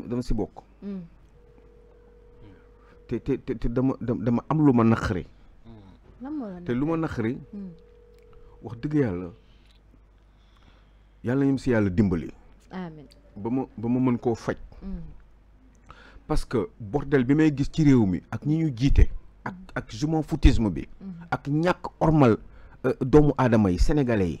dama si bokk. Mm. te te te dama dama am lu ma naqari. te lu ma naqari. Mm. wax dëgg yàlla yàlla ñu si yàlla dimbali. ba ma ba ma mën koo faj. Mm. parce que bordel bi may gis ci réew mi ak ñi ñu jiite. ak ak juman foutisme bi. ak ñàkk ormal euh, doomu aadama yi sénégalais yi.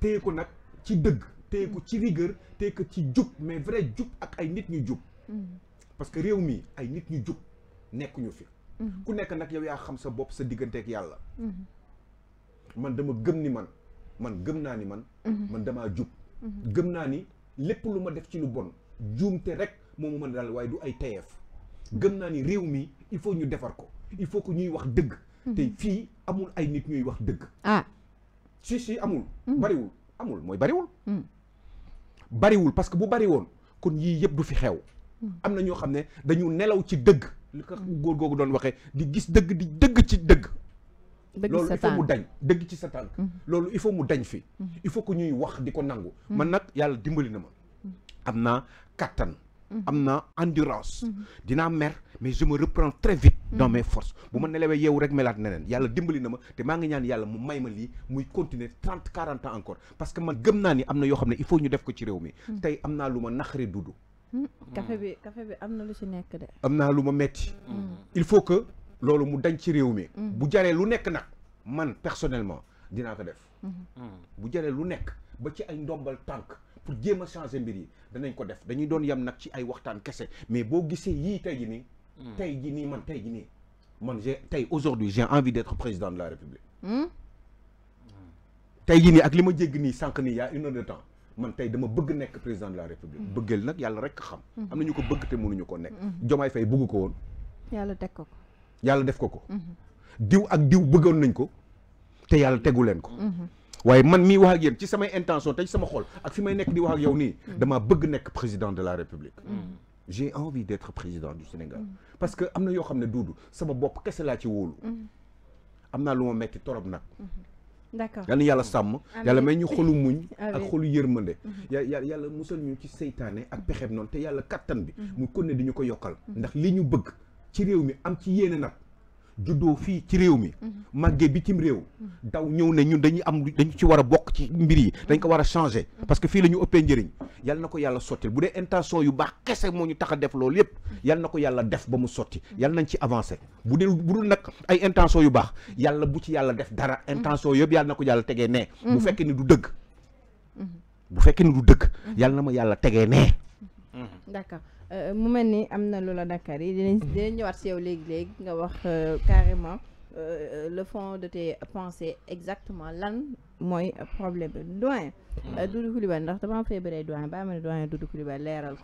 téye ko nag ci dëgg téye ko ci rigueur téye ko ci jub mais vrai jub ak ay nit ñu jub parce que réew mi ay nit ñu jub nekkuñu fi ku nekk nag yow yaa xam sa bopp sa digganteek yàlla man dama gëm ni man man gëm naa ni man man damaa jub gëm naa ni lépp lu ma def ci lu bon juumte rek moom ma mën daal waaye du ay tayeef gëm naa ni réew mi il faut ñu defar ko il faut que ñuy wax dëgg te fii amul ay nit ñuy wax dëgg ah si si amul. Mm. bariwul amul mooy bariwul. Mm. bariwul parce que bu bari woon kon yii yëpp du fi xew. Mm. am na ñoo xam ne dañu nelaw ci dëgg. li ko góor googu doon waxee di gis dëgg di dëgg ci dëgg. loolu il faut mu dañ dëgg ci sa tànk. loolu il faut mu dañ fi. il faut que ñuy wax di ko nangu. man nag yàlla dimbali na ma. am naa kattan. Mm-hmm. amna endurance mm-hmm. Dina mer mais je me reprends très vite dans mm-hmm. mes forces bu ma nelawee rek melat neneen yalla dimbali na ma te maa ngi ñaan yalla mu mayma li muy continuer trente quarante ans encore parce que man gëm na ni amna yo xamné il faut ñu def ko ci réew mi tey amna luma nakhri dudu café bi café bi amna lu ci nekk dé amna luma metti il faut que lolu mu dañ ci réew mi bu jaré lu nekk nak man personnellement dina ko def bu jaré lu nekk ba ci ay ndombal tank pour jéem a changer mbir yi danañ ko def dañuy doon yem nag ci ay waxtaan kese mais boo gisee yii tey ji nii hmm. tey ji nii man tey ji nii man j'ai tey aujourd'hui j'ai envie d'être président de la république hmm? Hmm. tey ji nii ak li ma jégg nii sànq y'a une heure de temps man tey dama bëgg nekk président de la république bëggeel nag yàlla rek xam am na ñu ko bëgg te mënuñu ko nekk Diomaye Faye bëgg ko woon yàlla teg ko ko yàlla def ko ko diw ak diw bëggoon nañ ko te yàlla tegu leen ko waye man mi wax ak yéen ci sama intention te sama xol ak fi may nekk di wax ak yow ni mm. dama bëgg nek président de la république mm. j'ai envie d'être président du Sénégal mm. parce que amna yo xamné xam sama bop kese la ci wolu amna luma lu metti torop nak d'accord yalla na yàlla sàmm may ñu xolu muñ ak xolu yërmande mm-hmm. yalla yàlla musal ñu ci seytaane ak pexeb non te yalla katan bi mm-hmm. mu kon ne di ñu ko yokal mm-hmm. ndax li ñu bëgg ci réew mi am ci yéene nak juddoo fii ci réew mi bi cim réew daw ñëw ne ñu dañuy am dañu ci war a bokk ci mbir yi dañ ko war a changer parce que fii la ëppee njariñ yal na ko yàlla sotti bu dee intention yu baax kese moo ñu tax a def loolu yëpp yal na ko yàlla def ba mu sotti yal nañ ci avancer bu dee bu dul nag ay intention yu baax yàlla bu ci yàlla def dara intention yëpp yal na ko yàlla tegee nee bu mm-hmm. fekkee ni du dëgg bu fekkee ni du dëgg yal na ma yàlla tegee nee Mhm. D'accord. accord euh, mu mel ni am na loola Dakar yi dinañ ñëwaat si yow léegi-léegi nga wax euh, carrément euh, le fond de tes pensées exactement lan mooy problème bi doyen mhm. Doudou Coulibaly ndax damaa feebaree doyen ba ma ne doyen Doudou Coulibaly leeral ko